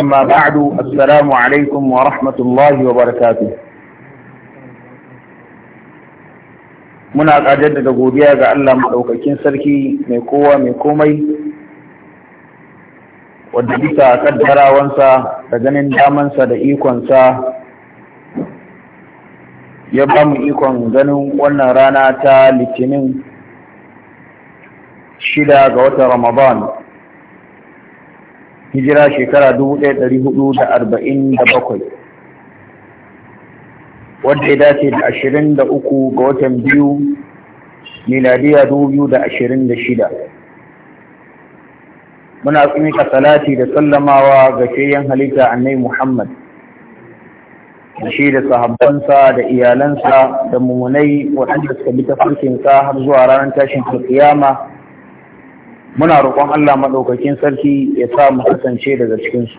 أما بعد السلام عليكم ورحمة الله وبركاته muna ƙajar da godiya ga Allah maɗaukakin sarki mai kowa mai komai wadda bisa ƙaddarawansa da ganin damansa da ikonsa ya ba mu ikon ganin wannan rana ta litinin shida ga watan ramadan hijira shekara 1447 wadda ya dace da 23 ga watan biyu miladiya 2026 muna tsimika salati da sallamawa ga shayyan halitta annai muhammad da shi da sahabbansa da iyalansa da mummunai waɗanda suka bi ta har zuwa ranar tashin kiyama muna roƙon Allah maɗaukakin sarki ya sa mu kasance daga cikinsu.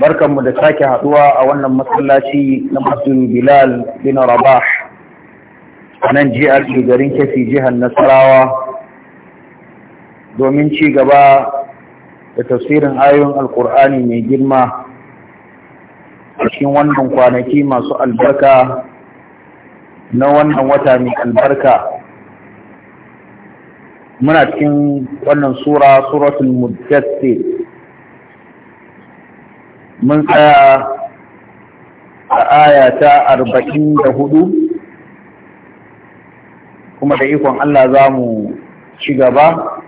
Barkanmu da sake haɗuwa a wannan masallaci na masu Bilal bin Rabah a nan jihar e garin kefi jihar Nasarawa domin ci gaba da tafsirin ayoyin Alƙur'ani mai girma a cikin wannan kwanaki masu albarka na wannan wata mai albarka. muna cikin wannan sura suratul muddassir mun tsaya a aya ta arba'in da hudu kuma da ikon Allah za mu ci gaba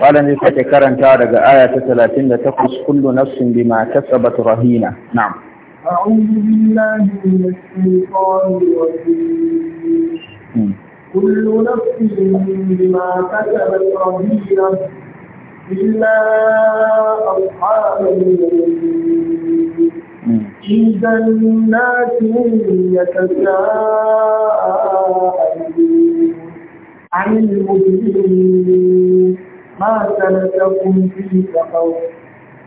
ƙwalan zai sake karanta daga aya ta talatin da takwas kullu nafsin bima kasabat rahina na'am أعوذ بالله من الشيطان الرجيم كل نفس بما كسبت رهينة إلا أصحاب إذا الناس يتساءلون عن المجرمين ما سلككم في سقر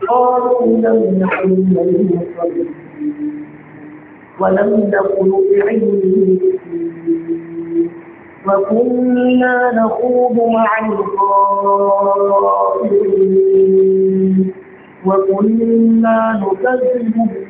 قالوا لم نكن من المصلين ولم نكن المسلمين وكنا نخوض مع الخائرين وكنا نكذب